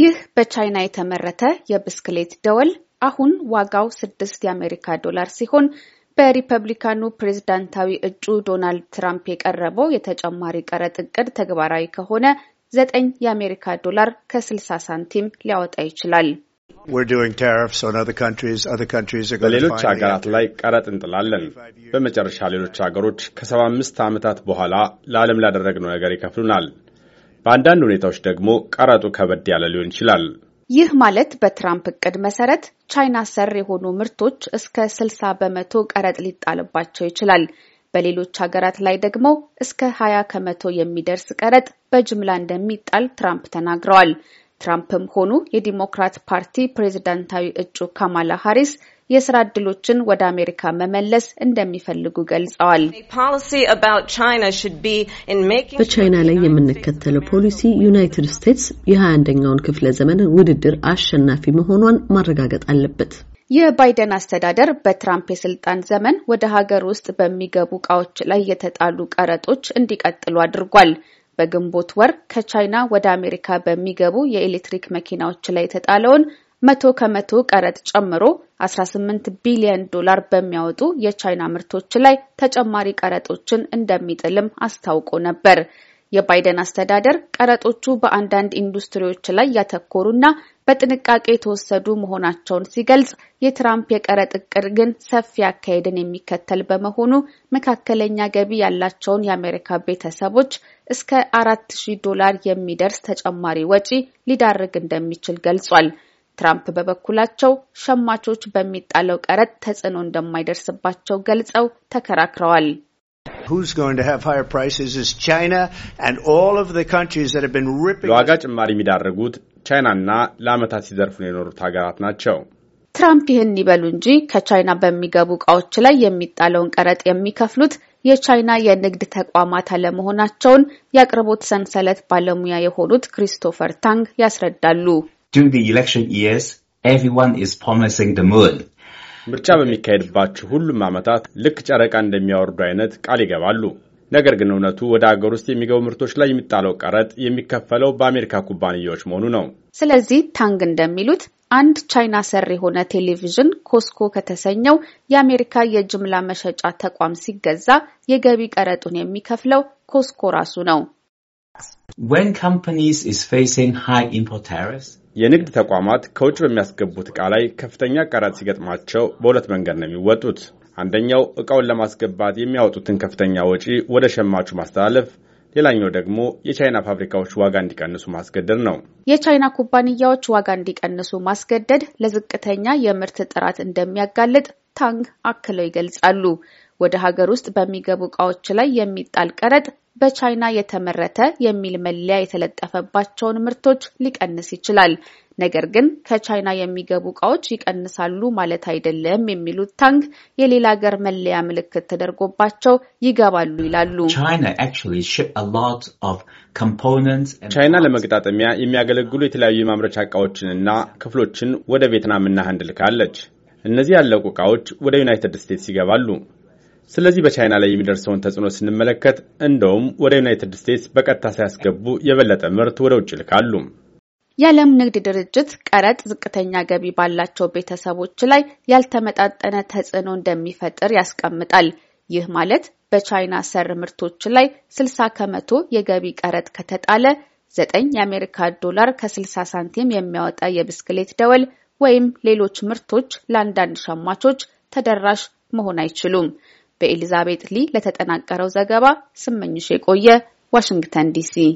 ይህ በቻይና የተመረተ የብስክሌት ደወል አሁን ዋጋው ስድስት የአሜሪካ ዶላር ሲሆን በሪፐብሊካኑ ፕሬዝዳንታዊ እጩ ዶናልድ ትራምፕ የቀረበው የተጨማሪ ቀረጥ እቅድ ተግባራዊ ከሆነ ዘጠኝ የአሜሪካ ዶላር ከ60 ሳንቲም ሊያወጣ ይችላል። በሌሎች ሀገራት ላይ ቀረጥ እንጥላለን። በመጨረሻ ሌሎች ሀገሮች ከሰባ አምስት ዓመታት በኋላ ለዓለም ላደረግነው ነገር ይከፍሉናል። በአንዳንድ ሁኔታዎች ደግሞ ቀረጡ ከበድ ያለ ሊሆን ይችላል። ይህ ማለት በትራምፕ እቅድ መሰረት ቻይና ሰር የሆኑ ምርቶች እስከ 60 በመቶ ቀረጥ ሊጣልባቸው ይችላል። በሌሎች ሀገራት ላይ ደግሞ እስከ 20 ከመቶ የሚደርስ ቀረጥ በጅምላ እንደሚጣል ትራምፕ ተናግረዋል። ትራምፕም ሆኑ የዲሞክራት ፓርቲ ፕሬዝዳንታዊ እጩ ካማላ ሃሪስ የስራ እድሎችን ወደ አሜሪካ መመለስ እንደሚፈልጉ ገልጸዋል። በቻይና ላይ የምንከተለው ፖሊሲ ዩናይትድ ስቴትስ የ21ኛውን ክፍለ ዘመን ውድድር አሸናፊ መሆኗን ማረጋገጥ አለበት። የባይደን አስተዳደር በትራምፕ የስልጣን ዘመን ወደ ሀገር ውስጥ በሚገቡ እቃዎች ላይ የተጣሉ ቀረጦች እንዲቀጥሉ አድርጓል። በግንቦት ወር ከቻይና ወደ አሜሪካ በሚገቡ የኤሌክትሪክ መኪናዎች ላይ የተጣለውን መቶ ከመቶ ቀረጥ ጨምሮ 18 ቢሊዮን ዶላር በሚያወጡ የቻይና ምርቶች ላይ ተጨማሪ ቀረጦችን እንደሚጥልም አስታውቆ ነበር። የባይደን አስተዳደር ቀረጦቹ በአንዳንድ ኢንዱስትሪዎች ላይ ያተኮሩና በጥንቃቄ የተወሰዱ መሆናቸውን ሲገልጽ የትራምፕ የቀረጥ እቅድ ግን ሰፊ አካሄድን የሚከተል በመሆኑ መካከለኛ ገቢ ያላቸውን የአሜሪካ ቤተሰቦች እስከ አራት ሺህ ዶላር የሚደርስ ተጨማሪ ወጪ ሊዳርግ እንደሚችል ገልጿል። ትራምፕ በበኩላቸው ሸማቾች በሚጣለው ቀረጥ ተጽዕኖ እንደማይደርስባቸው ገልጸው ተከራክረዋል። ለዋጋ ጭማሪ የሚዳረጉት ቻይናና ለዓመታት ሲዘርፉን የኖሩት ሀገራት ናቸው። ትራምፕ ይህን ይበሉ እንጂ ከቻይና በሚገቡ እቃዎች ላይ የሚጣለውን ቀረጥ የሚከፍሉት የቻይና የንግድ ተቋማት አለመሆናቸውን የአቅርቦት ሰንሰለት ባለሙያ የሆኑት ክሪስቶፈር ታንግ ያስረዳሉ። during the election years, everyone is promising the moon. ምርጫ በሚካሄድባቸው ሁሉም ዓመታት ልክ ጨረቃ እንደሚያወርዱ አይነት ቃል ይገባሉ። ነገር ግን እውነቱ ወደ አገር ውስጥ የሚገቡ ምርቶች ላይ የሚጣለው ቀረጥ የሚከፈለው በአሜሪካ ኩባንያዎች መሆኑ ነው። ስለዚህ ታንግ እንደሚሉት አንድ ቻይና ሰር የሆነ ቴሌቪዥን ኮስኮ ከተሰኘው የአሜሪካ የጅምላ መሸጫ ተቋም ሲገዛ የገቢ ቀረጡን የሚከፍለው ኮስኮ ራሱ ነው። የንግድ ተቋማት ከውጭ በሚያስገቡት ዕቃ ላይ ከፍተኛ ቀረጥ ሲገጥማቸው በሁለት መንገድ ነው የሚወጡት። አንደኛው ዕቃውን ለማስገባት የሚያወጡትን ከፍተኛ ወጪ ወደ ሸማቹ ማስተላለፍ ሌላኛው ደግሞ የቻይና ፋብሪካዎች ዋጋ እንዲቀንሱ ማስገደድ ነው። የቻይና ኩባንያዎች ዋጋ እንዲቀንሱ ማስገደድ ለዝቅተኛ የምርት ጥራት እንደሚያጋልጥ ታንግ አክለው ይገልጻሉ። ወደ ሀገር ውስጥ በሚገቡ እቃዎች ላይ የሚጣል ቀረጥ በቻይና የተመረተ የሚል መለያ የተለጠፈባቸውን ምርቶች ሊቀንስ ይችላል። ነገር ግን ከቻይና የሚገቡ እቃዎች ይቀንሳሉ ማለት አይደለም የሚሉት ታንግ የሌላ ሀገር መለያ ምልክት ተደርጎባቸው ይገባሉ ይላሉ። ቻይና ለመገጣጠሚያ የሚያገለግሉ የተለያዩ የማምረቻ እቃዎችንና ክፍሎችን ወደ ቬትናምና ህንድ ልካለች። እነዚህ ያለቁ እቃዎች ወደ ዩናይትድ ስቴትስ ይገባሉ። ስለዚህ በቻይና ላይ የሚደርሰውን ተጽዕኖ ስንመለከት እንደውም ወደ ዩናይትድ ስቴትስ በቀጥታ ሳያስገቡ የበለጠ ምርት ወደ ውጭ ይልካሉ። የዓለም ንግድ ድርጅት ቀረጥ ዝቅተኛ ገቢ ባላቸው ቤተሰቦች ላይ ያልተመጣጠነ ተጽዕኖ እንደሚፈጥር ያስቀምጣል። ይህ ማለት በቻይና ሰር ምርቶች ላይ 60 ከመቶ የገቢ ቀረጥ ከተጣለ 9 የአሜሪካ ዶላር ከ60 ሳንቲም የሚያወጣ የብስክሌት ደወል ወይም ሌሎች ምርቶች ለአንዳንድ ሸማቾች ተደራሽ መሆን አይችሉም። በኤሊዛቤት ሊ ለተጠናቀረው ዘገባ ስመኝሽ የቆየ ዋሽንግተን ዲሲ